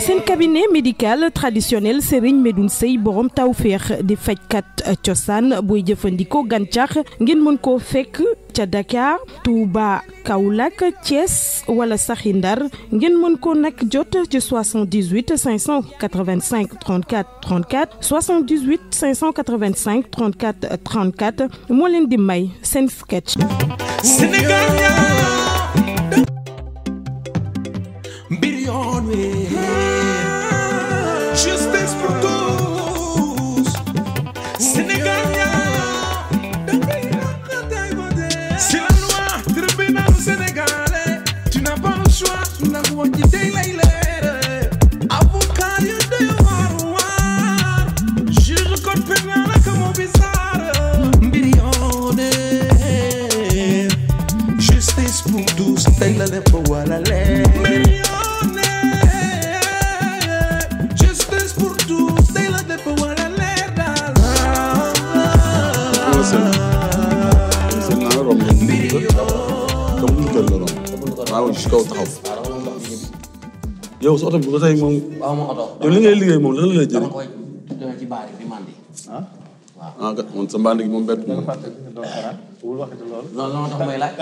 C'est un cabinet médical traditionnel Serigne medunsei, Sey borom tawféex di fajkat euh, cosaan fondiko, jëfandikoo gàncax ngeen fek, koo fekk Touba Kaolack Thiès wala saxi Ndar ngeen jot 78 585 34 34 78 585 34 34 Molin leen di may sketch. Sénégal oto bi ba tey moom. li ngay liggéey moom lan la lay jëriñ. dama koy doon ci baar bi mandi. ah ah man sa mbandi gi moom bett. da nga fàttali wul waxati loolu. non lan moo tax may laaj.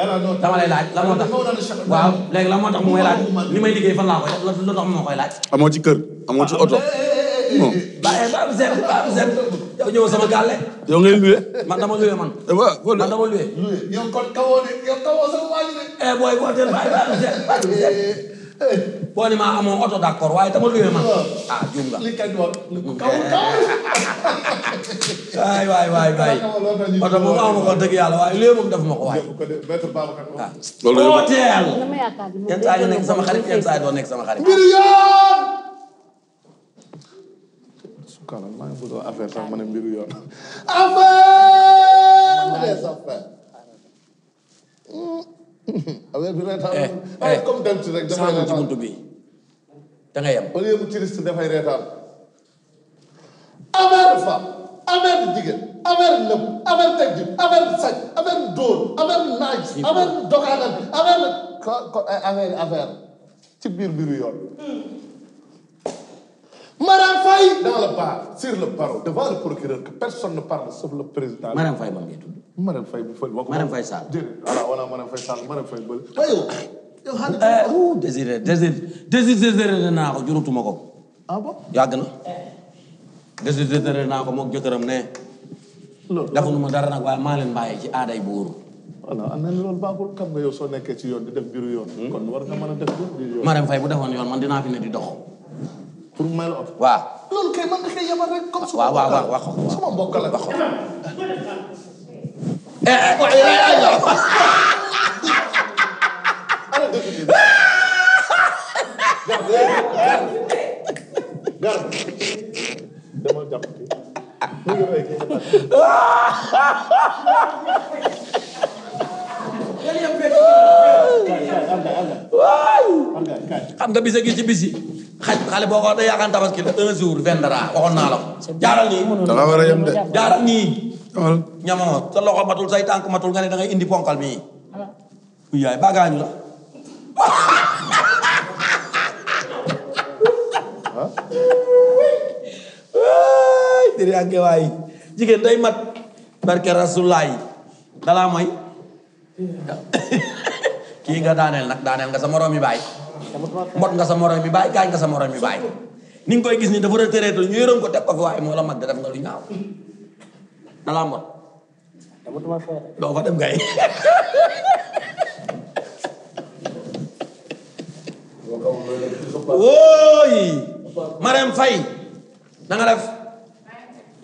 dama moo tax. may li may liggéey fan laa koy def lu tax ma laaj. amoo ci kër amoo ci oto. non. bàyyi baabu zet baabu zet yow ñëw sama man dama luwe man. Eh, man dama luwe. yow Eh, boo ne maa amoon oto d'accord waaye dama luwee ma ah juum nga li kay mm, eh. oto moom amu ko dëgg yàlla waaye luwee moom def ma ko waay ah ooteel yenn saa yi nekk sama xarit yenn saa yi doo sama xarit kala affaire bi reetaan. ah eh, comme dem ci rek dafay reetaan ci buntu bi da ngay am. au lieu mu touriste dafay reetaan. affaire femme affaire jigéen affaire lëpp affaire teg jub affaire saj affaire dóor affaire naaj. affaire doxaanal affaire. ko ay affaire ci biir biiru yoon. Hmm. Marème Faye dans le bar sur le barreau président. Marème Faye man ngay tudd. Marème Faye bu fële wax. Marème Faye Sall. jërëjëf voilà voilà euh, naa ko juróotuma ko. ah bon yàgg na. désiré naa ko moom jëkkëram ne. loolu dafa ma dara nag waaye maa leen bàyyi ci aaday buur. voilà am na loolu baaxul nekkee ci yoon di def biiru yoon. Hmm? kon war nga a bu defoon yoon man dinaa fi ne di dox. pour mu may la kay man da kay yabal rek comme sama waaw waaw wax ko sama mbokk la wax ko eh eh xam nga bisa gizi ci bisi xaj xale boo ko day yaakaar tabaski la un jour vendra waxoon naa la ko jaaral nii dala war a yem de jaaral nii ñamoo sa loxo matul say tànk matul nga ne da ngay indi ponkal mii yaay bagaañu la diri ak waay jigéen day mat barke rasulaay dalaa mooy kii nga daaneel nag daaneel nga sa moroom yi bàyyi mot nga sa morom mi bay gañ nga sa morom mi bay ni ngoy gis ni dafa retraité ñuy rom ko tek ko fi way mo la mag da def nga lu ñaaw da la mot do fa dem gay woy maram fay da nga def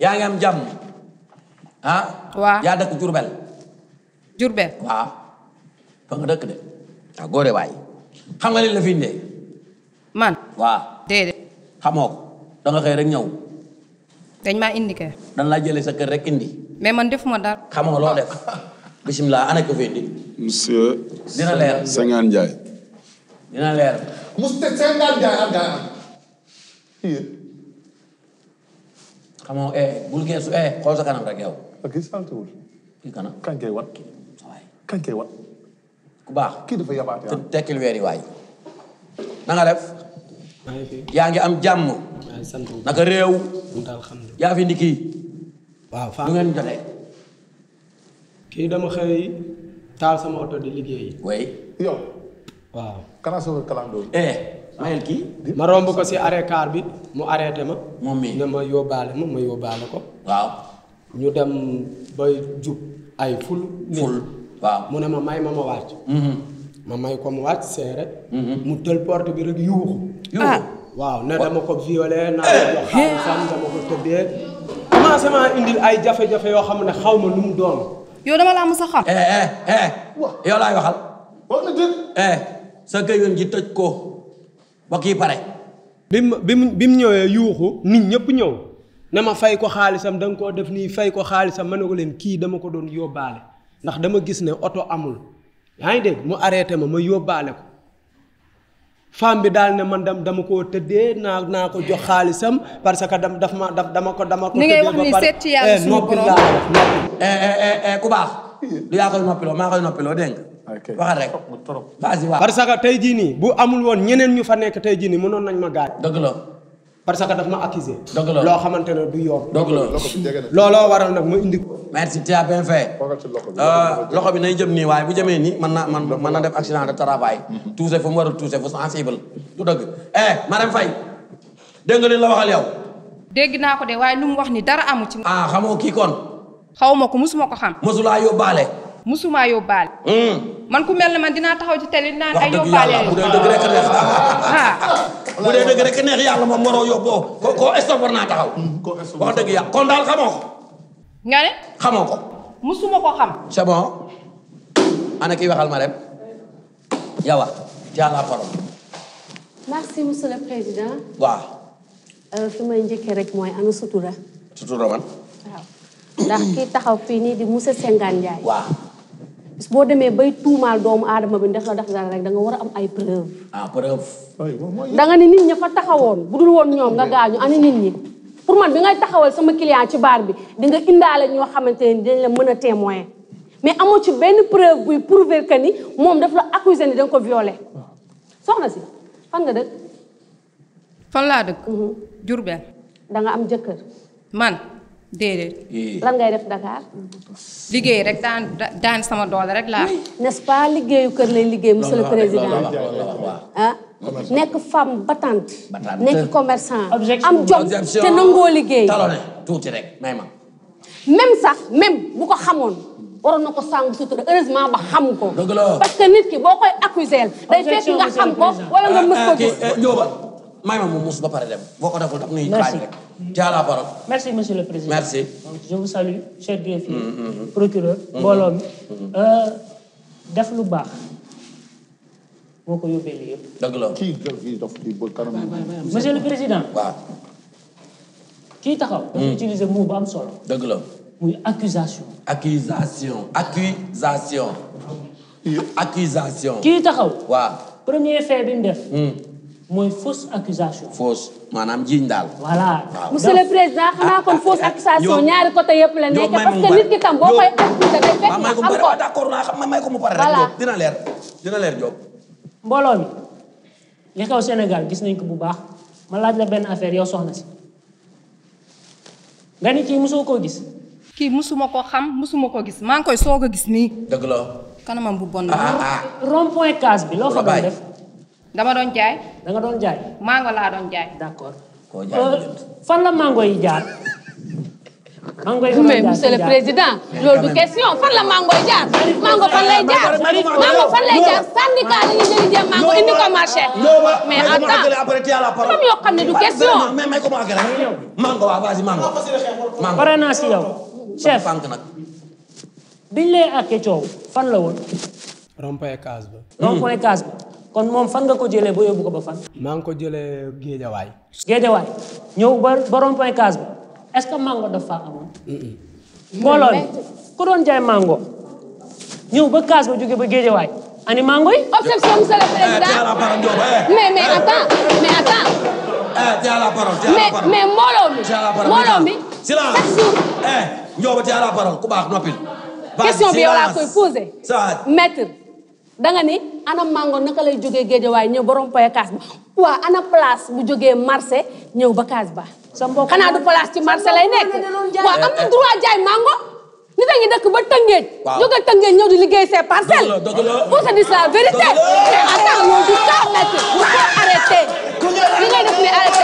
ya nga am jam ha wa ya dëkk jurbel jurbel wa fa nga dëkk de ta gore waaye xam nga li la fi indee. man waaw. déedéet. xamoo ko da nga xëy rek ñëw. dañ maa indi kay. dañ laa jëlee sa kër rek indi. mais man defuma dara. xam nga loo def bisimilah ana ko fi indi. monsieur. dina leer Senghane jaay dina leer. monsieur Senghane jaay ak gaa yi. xamoo eh bul geesu eh xool sa kanam rek yow. ok ah, sant wul. kii kanam kan kay wat. waay kan kay wat ku Kita kii dafa yabaate te tekkil weeri waay na nga def yaa ngi am jàmm naka réew yaa fi ndi waaw fa ngeen jotee kii dama xëy taal sama auto di liggéey way Yo. waaw kana sa wër kalandoo eh mayel kii ma romb ko si arrêt car bi mu arrêté ma moom mi ne ma yóbbaale ma ma yóbbaale ko waaw ñu dem bay ay ful ful waaw mu ne ma may ma ma wàcc. Mm-hmm. ma may ko mu wàcc seere mm-hmm. mu tël porte bi rek yuuxu. yuuxu ah. waaw ne dama ko violé naa ko jox ah. xaalisam dama ko tëddee. commencé maa indil ay jafe yoo xam ne xaw ma lu mu doon. yow dama laa mos a xam. Eh, eh, eh. yow laay waxal. tëj ko ba kii pare. bi mu bi mu ñëwee yuuxu nit ñëpp ñëw. ne ma fay ko xaalisam da koo def nii fay ko xaalisam ma ne ko leen kii dama ko doon yóbbaale. ndax dama gis ne oto amul yaa ngi dégg mu arrêté ma ma yóbbaale ko femme bi daal ne man dam dama koo tëddee naa naa ko jox xaalisam parce que dam daf ma daf dama ko dama ko. ni ngay wax ci yàlla eh, suñu borom eh, eh, ku baax. du yaa koy noppiloo maa koy noppiloo dégg nga. waxal parce que tey jii nii bu amul woon ñeneen ñu fa nekk tey jii nii mënoon nañ ma gaañ. dëgg la. parce que daf ma accusé. dëgg la loo xamante ne du yoon. dëgg la looloo waral nag mu indi. merci tu as bien loxo bi euh, nay jëm nii waaye bu jëmee nii mën naa man mën na def accident de travail. touché fu mu war a touché fu sensible du dëgg eh madame Faye dégg nga li la waxal yow. dégg naa ko de waaye lu mu wax ni dara amu ci. ah xamoo kii kon. xaw ma ko mosuma ko xam. mosulaa yóbbaale. musuma yóbbaale hmm. man ku mel man dina taxaw ci tele nan ay yóbbaale ha dee dëgg rek bu dee dëgg rek neex yalla mo moro yobbo ko ko stop war naa taxaw hmm, wax deug ya kon dal xamoko ko nga ne xamoo musuma ko xam c'est bon ana ki waxal ma rek yawa ci ala parole merci monsieur le président wa euh sama ñeuke rek moy ana sutura sutura man waaw ndax kii taxaw di monsieur Sengane Ndiaye Wah. bis boo demee bay tuumaal doomu aadama bi ndax la ndax dara rek danga war a am ay preuve. ah preuve. da nga ni nit ña fa taxawoon bu dul woon ñoom nga gaañu ani nit ñi. pour man bi ngay taxawal sama client ci baar bi di nga indaale ñoo xamante ne dañ la mën a témoin mais amoo ci benn preuve buy prouver que ni moom daf la accuser ni da nga ko violé. soxna si fan nga dëkk. fan laa dëkk. Mhm. Diourbel. da nga am jëkkër. man. déedéet. lan ngay def Dakar. liggéey rek daan daan sama doole rek laa. n'est-ce pas liggéeyu kër lay liggéey monsieur le président ah. nekk femme battante. nekk commerçant. am jom te nangoo liggéey. talonné ma. même sax même bu ko xamoon waroon na ko sàngu sutura heureusement ba xam ko. parce nit ki boo koy accuser day fekk nga xam ko wala nga mës ko ah, ah, gis. Eh, may ma mu muus ba pare dem boo ko deful daf nuy xaaj rek ci à la parole merci monsieur le président merci donc je vous salue cher greffier mm, mm, mm. procureur mbooloo euh, def lu bax boko ko yóbbee lii yëpp dëgg la kii greffier daf di bëgg kanam monsieur le président wa kii taxaw dafa utiliser mot bu am solo dëgg la muy accusation accusation accusation accusation kii taxaw wa premier fait bi mu def mooy fausse accusation. fausse maanaam jiiñ daal. voilà monsieur le président xanaa ah, kon ah, fausse eh, accusation ñaari côté yëpp la nekk parce que nit ki tam boo koy expliqué day ah, ko d'accord naa xam may ko gis nañ ko bu baax ma laaj la benn affaire yoo soxna si nga ni kii mosoo koo gis. kii mosuma ko xam mosuma koo gis maa ngi koy soog a gis nii. dëgg la. kanamam bu bon. ah ah rond case bi loo fa doon def. dama doon jaay. da doon jaay. mango laa doon jaay. fan la mango yi jaar. mango yi mais monsieur fan la yi jaar. mango fan jaar mango fan ko marché. mais en tant problème yoo xam ne du question. mango waaw vas-y mango. pare naa si yow. chef biñ lay àkkee coow fan la woon. rompé case case ba. kon moom fan nga ko jëlee ba yóbbu ko ba fan. maa ngi ko jëlee géejawaay. géejawaay ñëw ba borom point case bi est-ce que mango dafa faa amoon. mbooloo mi ku doon jaay mango ñëw ba case ba jógee ba géejawaay ani mango yi. objection monsieur le président eh, mais mais eh. attends mais attends. Eh, mais mais mbooloo mi. mbooloo mi. chaque jour. question bi yow laa koy posé. maître. nga ni ana mango naka lay gedja way ñew borom paye kaas ba waa ana place bu joge marché ñew ba kaas ba sa mbokk xana du place ci marché lay nek wa am na droit jaay mango nit a ngi dëkk ba tangé joge tangé ñew di liggéey ses parcelles pour sa dis la vérité attends du bu ko arrêté ngay def ni arrêté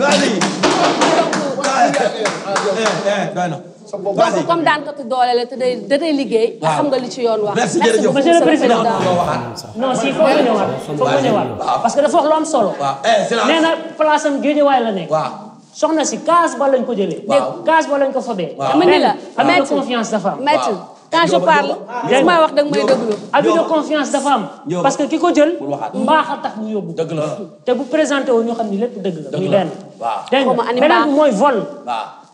Lali. Eh, eh, doy vas-y comme daan ko doole la te day da liggéey. xam ci yoon wax. merci jërëjëf monsieur président non si foog nga ñëwaat foog nga ñëwaat parce wax place am eh, Guédiawaye la nekk. waaw soxna si kaas ba ko jëlee. waaw kaas ba lañ ko fobee. waaw dama ni la abus de confiance dafa am. waaw quand je parle. su ma wax danga may déglu. abus de confiance dafa am. parce que ki ko jël. mbaax a tax mu yóbbu. dëgg la te bu présenté woo ñu xam ni lépp dëgg la. dëgg la waaw dégg mooy vol.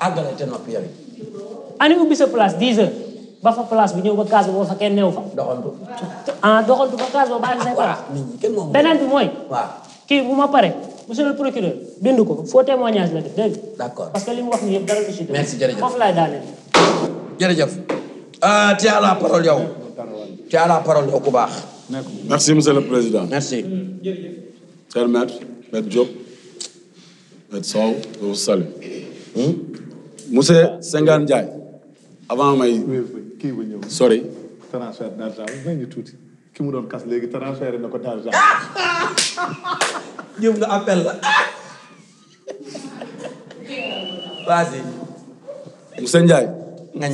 àggale te noppi yow ani ubbi sa place 10 heures ba fa place bi ñëw ba kaas boobu fa kenn neew fa. doxantu. ah doxantu ba kaas boobu bàyyi sa place. kenn moom beneen bi mooy. kii bu ma pare monsieur procureur bind ko faux témoignage la def dégg nga. parce que li mu wax nii yëpp dara du si. merci jërëjëf foofu laay daaneel. jërëjëf. ah tu monsieur Senghane Ndiaye avant may. kii bu ñëw sori. transfert d'argent tuuti ki mu doon kas léegi transféré na ko d'argent. ñëw nga appel la. vas-y. monsieur Ndiaye.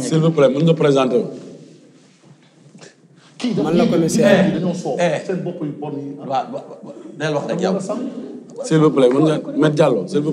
s'il vous nga présenter wu. kii man la commissaire eh, dañoo soow eh. seen bopp yu bon yi. mën nga met Diallo s'il vous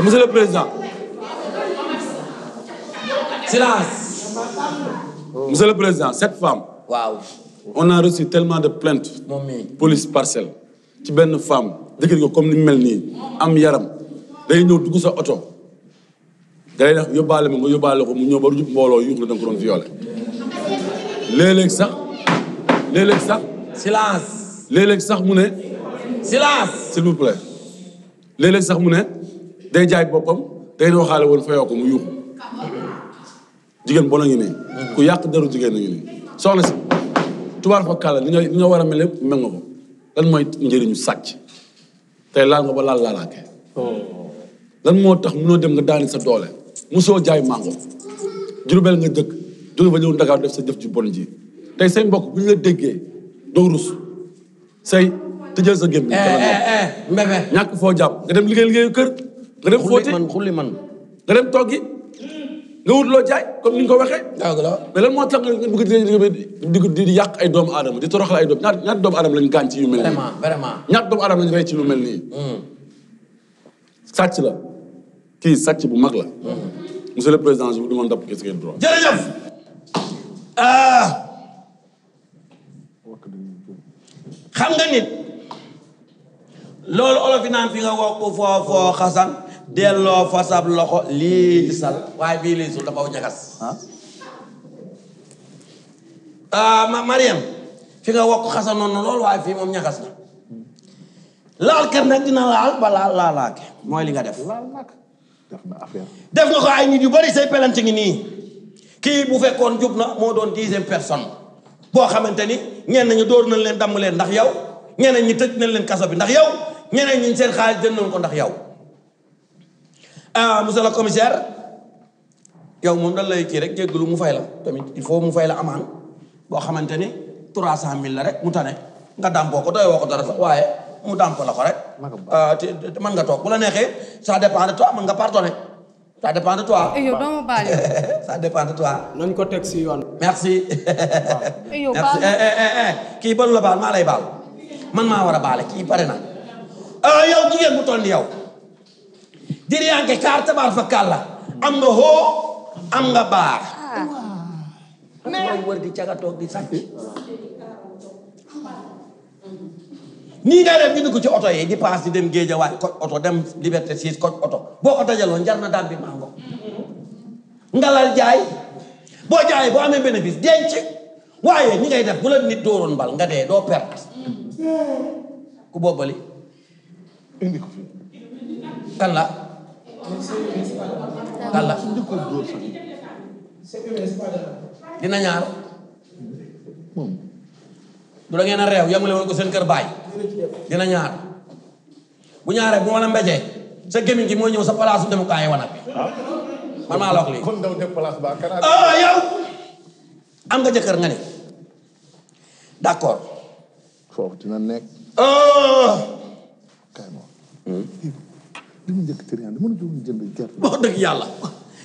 Monsieur le Président. Silence. le Président, cette femme. On a reçu tellement de plaintes. Police parcelle. qui une femme de ko comme ni Melni, am yaram day dugg sa day def de nga le ko mu la silence. silence. s'il vous plaît L'élection. sax day jaay boppam day doo xaale woon fayoo ko mu yuuxu jigéen bon a ngi nii ku yàq deru jigéen a ngi nii soxna si tubaar fa kàlla war a mel lépp mel lan mooy njëriñu sàcc tey laal ba laal laalaake moo tax mënoo dem nga daani sa doole musoo jaay mango Jurbel nga dëkk jóge fa ñëw Ndakaaru def sa jëf ju bon ji tey say mbokk bu ñu la déggee doo rus say tëjal sa gémmiñ eh, eh, eh, mbébé ñàkk foo nga dem liggéey liggéeyu kër nga dem fóoti man xulli man nga dem toggi nga wut loo jaay comme ni nga ko waxee. mais lan moo tax nga bëgg di yàq ay doomu aadama di toroxal ay doom ñaar ñaar doomu aadama lañ gaañ ci yu mel nii. vraiment vraiment hmm. sàcc la kii sàcc bu mag la. Hmm. monsieur le président je vous demande d'appliquer ce qui est xam nga nit. loolu olof yi naan fi nga wokk foo xasan. delo fasab loxo li sal waaye bii liisul dafa ñagas ah ma Mariam fi nga wokk xassa non lool way fi mom ñagas na laal ker nak dina laal ba laal laalaake moy li nga ya. def def nga ko ay nit yu bari say pelante ngi ni ki bu fekkon jup na don 10e personne bo xamanteni ni ñu door nañ leen dam leen ndax yow ñeneen ñi tejj nañ leen kasso bi ndax yow ñeneen ñi seen xaalis jënd nañ ko ndax yow ah monsieur le commissaire yow que vous lay kii rek jéggalu mu fay la tamit il faut mu fay la amaan boo xamante ni trois cent mille la rek mu tane nga dàmpoo ko doy woo ko dara sax waaye mu dàmp la ko rek. Ah, te man nga toog bu la neexee ça dépend de toi man nga pardonné ça dépend de toi. Eh yow doo ma baale. ça dépend de toi. nañ ko teg si yoon. merci. Il faut que vous fassiez la baal maa lay baal man maa war a baale kii pare na ah, yow jigéen bu toll yow. Diri yang ke karta bar fakalla. Am nga ho, am nga bar. May war di caga ya, tok di sacc. Ni nga dem ñu ko ci auto yi di pass di dem geedja waay ko auto dem liberté 6 ko auto. Boko dajalo ndarna dam bi mango. Ngalal jaay. Bo jaay bo amé bénéfice denc. waye ya, ni ngay def bu la nit dooroon bal nga dé do perte. Ku bobali Indi ko fi. Kan la kala dina ñaar du da yang a yamule woon ko seen kër baay dina ñaar bu ñaaree bu ma la sa gémmiñ gi mooy ñëw sa place demukaay wanag bi man maa la wax kon daw def place ba ah yow ya. am nga nga ne d'accord dina ah li njëkk cëriñaan mënu jóg jënd gerte. dëgg yàlla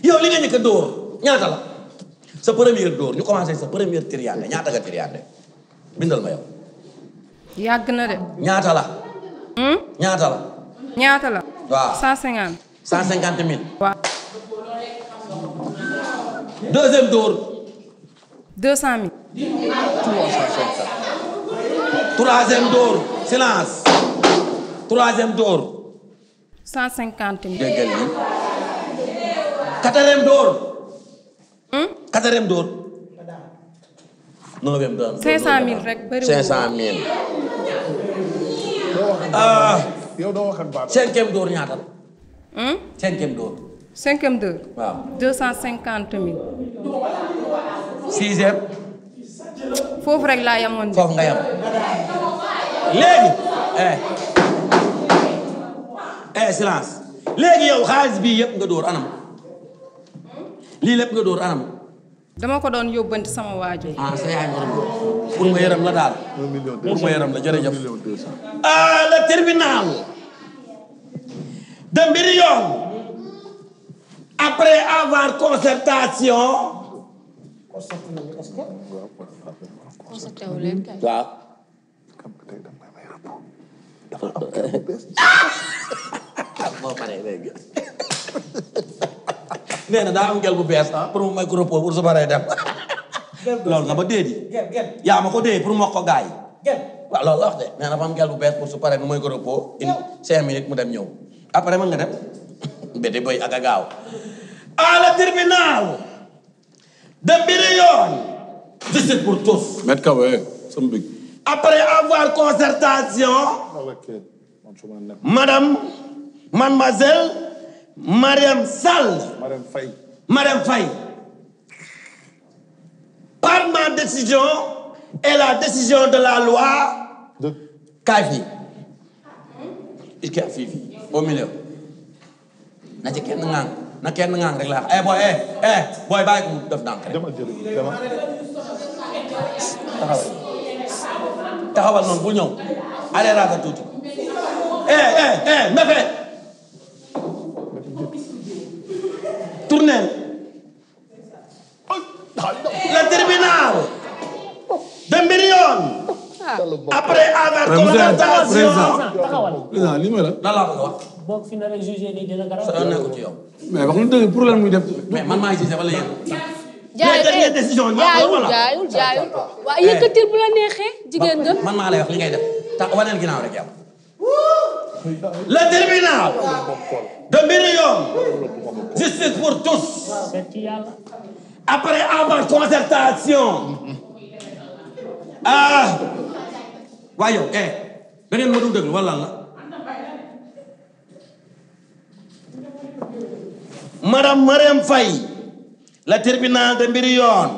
yow li nga njëkk a dóor ñaata la sa première dóor ñu commencé sa première tëriñaan ñaata nga tëriñaan bindal ma yow. yàgg na de. ñaata la. Hmm? ñaata la. ñaata la. waaw cent cent cinquante mille. waaw. deuxième deux cent mille. trois silence. troisième dóor. cent cinquante mille. déggal lii quatrième door. Hmm? quatrième door. neuvième door. cinq ah. door ñaata hmm? door. cinquième door. waaw foofu rek laa yamoon. foofu nga yam léegi. Eh. excellence léegi yow xaalis bii yëpp nga dóor anam lii lépp nga dóor anam. dama ko doon yóbbanti sama waajo. ah pour ma yaram la daal. pour ma yaram la jërëjëf. ah le tribunal de Mbirion après avoir concertation. boo paree léegi na daa am gel bu bees pour mu may ko su baree dem loolu nga ma dee di yaa ma ko dee pour mu wax ko gars yi waaw loolu la de nee fa am gel bu bees pour su paree mu may ko repos cinq minutes mu dem ñëw après mën nga dem béti boy ak a gaaw à la tribunal de mbiri yoon visite pour met kawe sama big après avoir concertation madame Mademoiselle Mariam Sall. Mariam Faye. Mariam Faye. Par ma décision et la décision de la loi. De Kavi au milieu. na ci ngang na ngang eh là. eh eh boy, bàyyi def ndànk le je Allez tout eh eh eh mefe. tournel le tribunal de million après avoir conversation li ma la lan laa ko wax bokk fi na la jugé ni dina mais man maa ngi gisee wala yéen jaayul décision jaayul jaayul waa yëkkatil jigéen nga man maa lay wax li ngay def ta gi ginnaaw rek yow le tribunal de Mbiriyone justice pour tous après avoir concertation ah waaye yow eh ma dul déglu wala la madame Marème Faye le tribunal de Mbiriyone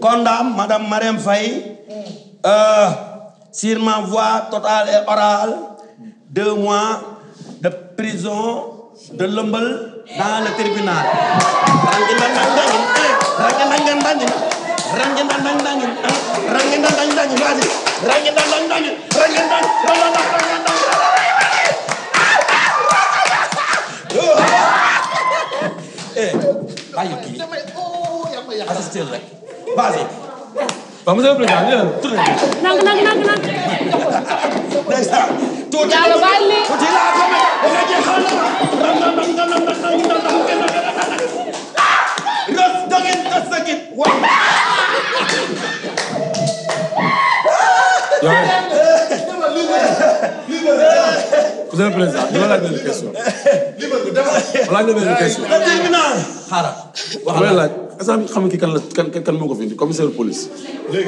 condamne madame Marème Faye euh, sur ma voix totale et orale deux mois de prison de Lombol dans le tribunal. Vamos aplaudir, tudo bem. Não, não, não, não. Jalo Bali. Rus dongin rus dongin. Monsieur le Président, ñu laaj benn question. laaj na benn question. xaaral. wax nga laaj est-ce que xam nga kan la kan kan moo ko fi indi commissaire police.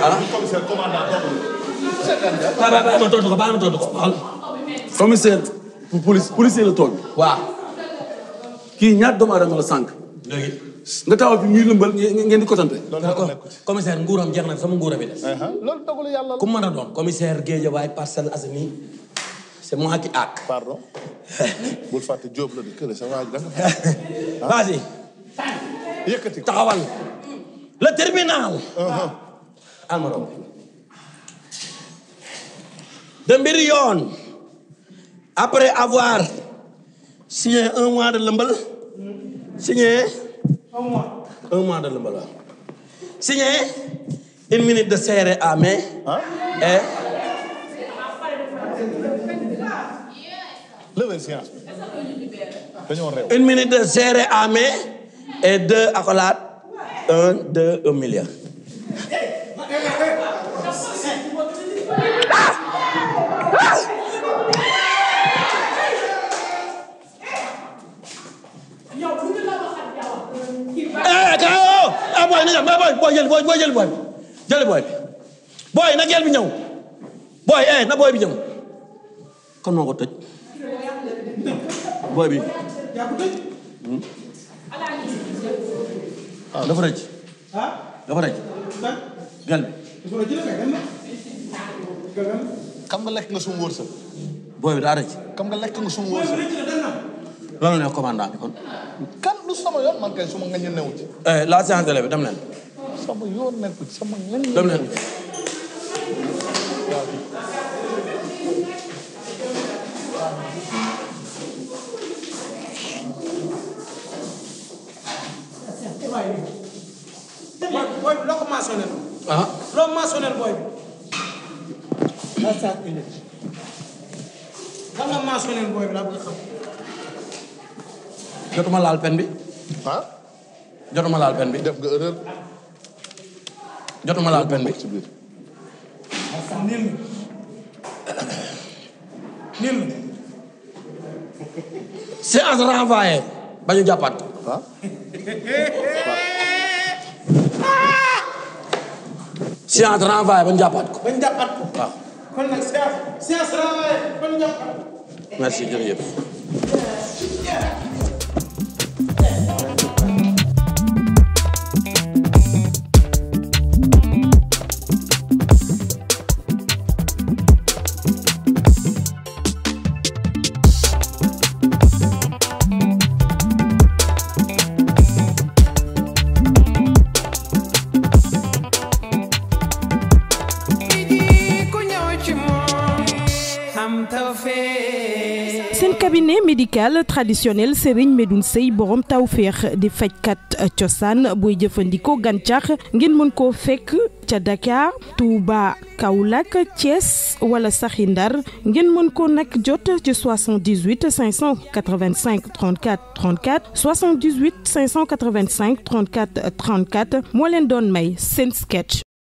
ah commissaire commandant. xaaral ma tontu ko baal ma tontu ko soo gisee police policier la toog. waaw. kii ñaar doomu aadama la sànq. léegi. nga taxaw fi ñuy lëmbal ngeen di kotante. d'accord commissaire nguuram jeex na sama nguura bi des. loolu togul yàlla ku mën a doon commissaire Guédiawaye Parcelles Assainies c'est moi qui ak. pardon. bul fàtte job la di kër sa waa ji vas-y. yëkkati taxawal. le terminal almaro romb. de mbiri yoon. après avoir signé un mois de l'embal, signé un mois de l'embal, signé une minute de serré à main hein? et une minute de serré à main et deux accolades un deux un million booy na ñëw mais booy booy bi jël booy na gel bi ñëw booy eh na booy bi ñëw kon moo ko tëj booy bi waaw hmm? ah, dafa gel bi xam nga lekk nga suñu wërsëg booy bi daa rëcc nga lekk nga suñu wërsëg lan la commandant bi kon. kan lu sama yoon man kay suma nga ñu newu ci. Eh, la séance de bi dem leen. sama yoon nekku ci sama nga ñu dem leen. Ah. boy bi loo ko maasonné. ah loo maasonné boy bi. lan nga maasonné boy bi laa bëgg a xam. jotuma laal pen bi. ha jotuma laal pen bi. def nga erreur. jotuma laal pen bi. niil niil. nil renvoyée ba ñu jàppaat ko. ah. séance renvoyée ba ñu jàppaat ko. ba ñu jàppaat ko. waaw. kon nag séance séance renvoyée eh, ba ñu jàppaat ko. merci traditionnel Serigne medunsei, Sey borom tawféex di kat eh, cosaan booy jeufandiko gantiax ngeen mën ko fekk ca Dakar Touba Kaulak, ties wala saxi Ndar ngeen ko nak jot ci 78 585 34 34 78 585 34 34 mo len don may sen sketch.